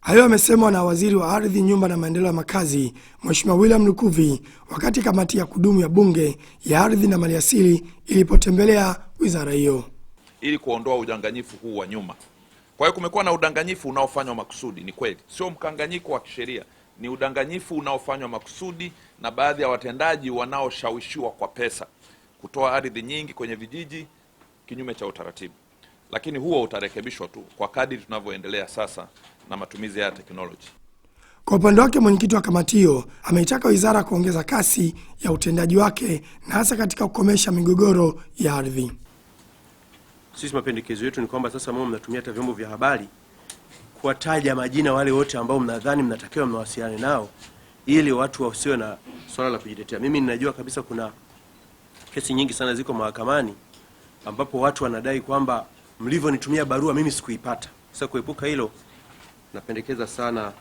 Hayo amesemwa na waziri wa ardhi, nyumba na maendeleo ya makazi, Mheshimiwa William Lukuvi wakati kamati ya kudumu ya bunge ya ardhi na maliasili ilipotembelea wizara hiyo ili kuondoa udanganyifu huu wa nyuma. Kwa hiyo kumekuwa na udanganyifu unaofanywa makusudi, ni kweli, sio mkanganyiko wa kisheria, ni udanganyifu unaofanywa makusudi na baadhi ya watendaji wanaoshawishiwa kwa pesa kutoa ardhi nyingi kwenye vijiji kinyume cha utaratibu lakini huo utarekebishwa tu kwa kadi tunavyoendelea sasa na matumizi ya teknoloji. Kwa upande wake mwenyekiti wa kamati hiyo ameitaka wizara kuongeza kasi ya utendaji wake na hasa katika kukomesha migogoro ya ardhi. Sisi mapendekezo yetu ni kwamba sasa mao mnatumia hata vyombo vya habari kuwataja majina wale wote ambao mnadhani mnatakiwa mnawasiliane nao, ili watu wasiwe na swala la kujitetea. Mimi ninajua kabisa kuna kesi nyingi sana ziko mahakamani ambapo watu wanadai kwamba mlivyonitumia barua mimi sikuipata. Sasa kuepuka hilo, napendekeza sana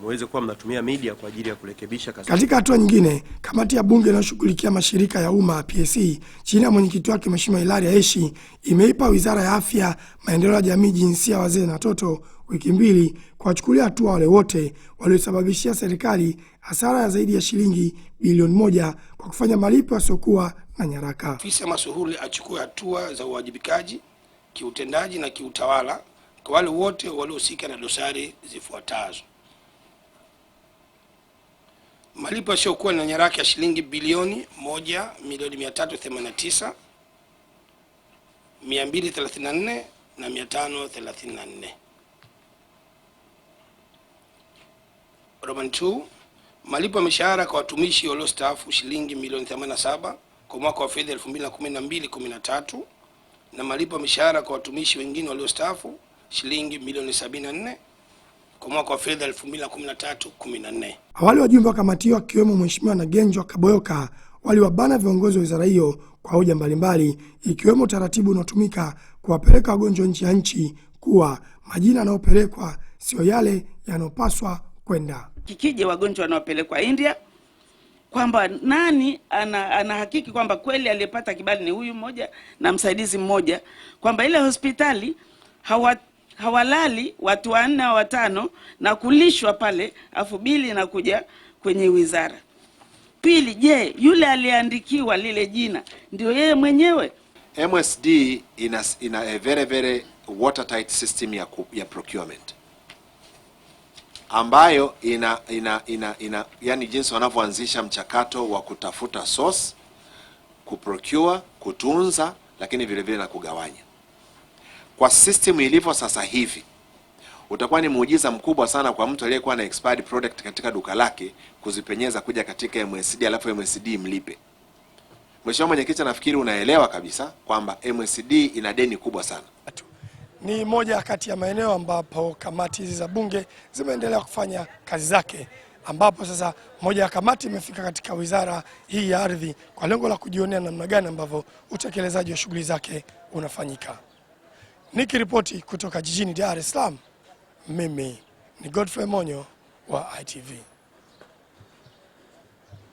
muweze kuwa mnatumia media kwa ajili ya kurekebisha kasoro. Katika hatua nyingine, kamati ya bunge inayoshughulikia mashirika ya umma PSC chini ya mwenyekiti wake Mheshimiwa Hilaria Heshi imeipa Wizara ya Afya, Maendeleo ya Jamii, Jinsia, Wazee na Watoto wiki mbili kuwachukulia hatua wale wote waliosababishia serikali hasara ya zaidi ya shilingi bilioni moja kwa kufanya malipo yasiokuwa na nyaraka. Afisa masuhuli achukue hatua za uwajibikaji kiutendaji na kiutawala kwa wale wote waliohusika na dosari zifuatazo malipo yasiyokuwa na nyaraka ya shilingi bilioni moja milioni 389 234 na 534. Roman 2 malipo ya mishahara kwa watumishi waliostaafu shilingi milioni 87 kwa mwaka wa fedha 2012 13 na malipo ya mishahara kwa watumishi wengine waliostaafu shilingi milioni 74 kwa mwaka wa fedha 2013-14. Awali wajumbe wa kamati hiyo akiwemo Mheshimiwa Nagenjwa Kaboyoka waliwabana viongozi wa wizara hiyo kwa hoja mbalimbali ikiwemo utaratibu unaotumika kuwapeleka wagonjwa nje ya nchi kuwa majina yanayopelekwa siyo yale yanayopaswa kwenda. Kikija wagonjwa wanaopelekwa India kwamba nani anahakiki ana kwamba kweli aliyepata kibali ni huyu mmoja na msaidizi mmoja, kwamba ile hospitali hawa hawalali watu wanne au watano na kulishwa pale, afu bili inakuja kwenye wizara. Pili, je, yule aliyeandikiwa lile jina ndio yeye mwenyewe? MSD ina, ina a very very watertight system ya, ya procurement ambayo ina, ina, ina, ina yani jinsi wanavyoanzisha mchakato wa kutafuta source, kuprocure, kutunza, lakini vile vile na kugawanya kwa system ilivyo sasa hivi utakuwa ni muujiza mkubwa sana kwa mtu aliyekuwa na expired product katika duka lake kuzipenyeza kuja katika MSD alafu MSD mlipe. Mheshimiwa Mwenyekiti, nafikiri unaelewa kabisa kwamba MSD ina deni kubwa sana. Ni moja kati ya maeneo ambapo kamati hizi za Bunge zimeendelea kufanya kazi zake, ambapo sasa moja ya kamati imefika katika wizara hii ya ardhi kwa lengo la kujionea namna gani ambavyo utekelezaji wa shughuli zake unafanyika. Nikiripoti kutoka jijini Dar es Salaam, mimi ni Godfrey Monyo wa ITV.